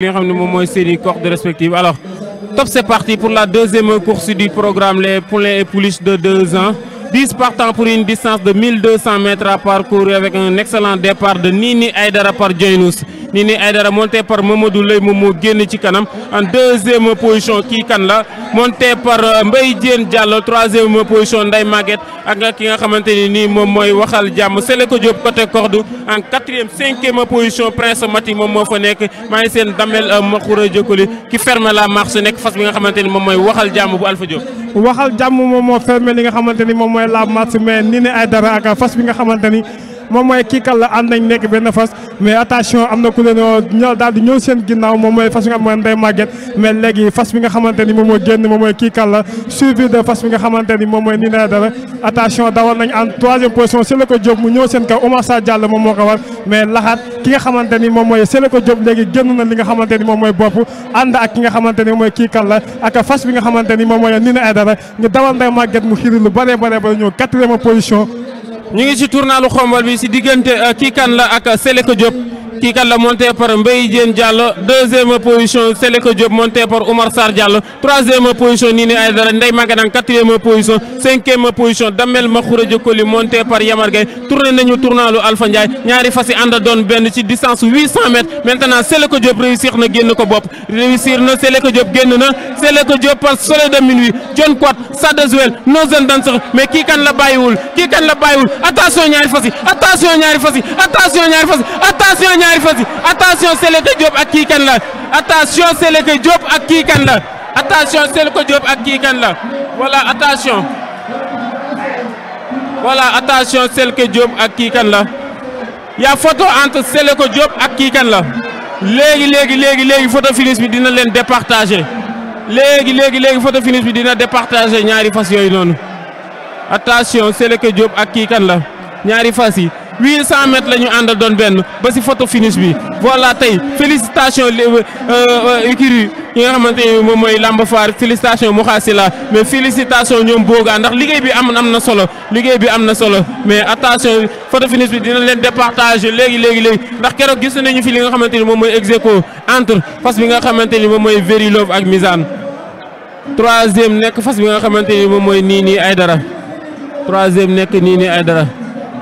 Bienvenue au moment respectives alors top c'est parti pour la deuxième course du programme les poulets et pouliches de deux ans 10 partants pour une distance de 1200 mètres à parcourir avec un excellent départ de Nini à par Jainous. Nini Aydara monté par Mamadou Ley moom moo génn ci kanam en deuxième position kii kan la monté par euh, Mbaye Diène Diallo troisième position Ndeye Maguette ak ki nga xamante nii moom mooy waxal jàmm Seleko Diop côté Cordu en quatrième cinquième position Prince Mati moom moo fa nekk maa ngi seen Damel euh, Makoura Jokoli ki ferme la marche nekk fas bi nga xamante ni moom mooy waxal jàmm bu Alpha waxal jàmm moom moo ferme li nga xamante ni moom mooy moom mooy kii kal la ànd nañ nekk benn fas mais attention am na ku leen ñoo daal ñëw seen ginnaaw moom mooy fas bi nga xam mooy nga xamante ni moom mooy génn moom mooy kii kal la suivi de fas bi nga xamante ni moom mooy ni na dara attention dawal nañ en troisième position Séleko Diop mu ñëw seen kaw Oumar Sarr Diallo moom moo ko war mais laxaat ki nga xamante ni moom mooy Séleko Diop léegi génn na li nga xamante ni moom mooy bopp ànd ak ki nga xamante ni moom mooy kii kal la ak fas bi nga xamante ni moom mooy ni na dara ñu dawal ndey ñu ngi ci tournalu xombal bi ci diggante euh, kii kan la ak Seleka Diop Qui la monté par Mbaye Diallo deuxième position Seleko Diop monté par Omar Sar Diallo troisième position Nini Aydara Ndeye Magadan quatrième position cinquième position Damel Makhoura Diokoli monté par Yamar Gaye tourné nañu tournalu Alpha Ndiaye ñaari fas yi ànd ci distance 800 mètres maintenant Seleko Diop réussir na gagne, ko bopp réussir na Seleko Diop génn na Seleko Diop par soleil de minuit John Quad Sadezuel Nozen Danser mais qui kan la bàyyiwul kan la bàyyiwul attention ñaari Fassi. attention ñaari Fassi. attention ñaari Fassi. attention ñaari attention c'est attention Seleka job ak ki kan la attention Seleka job ak ki kan la attention Seleka job ak ki kan la voilà attention voilà attention Seleka job ak ki kan la y'a photo entre Seleka job ak ki kan la légui légui légui légui photo finish bi dina len départager légui légui légui photo finish bi dina départager ñaari fas yoy non? attention c'est le Seleka job ak ki kan la ñaari fas yi. 800 mètres lañu andal doon benn ba ci photo finish bi voilà tay félicitations écurie euh, euh, yi nga xamante ni moom mooy Lamba Faar félicitations Mouhassila mais félicitations ñom boogaa ndax liguey bi am am solo liguey bi amna solo mais attention photo finish bi dina leen départager légui légui légui ndax keroog gis nañu fi li nga xamanteni ni moy execo entre fas bi nga xamanteni ni moy mooy Very Love ak Mizane troisième nekk fas bi nga xamanteni ni moy nini nii nii ay dara troisième nekk nii nii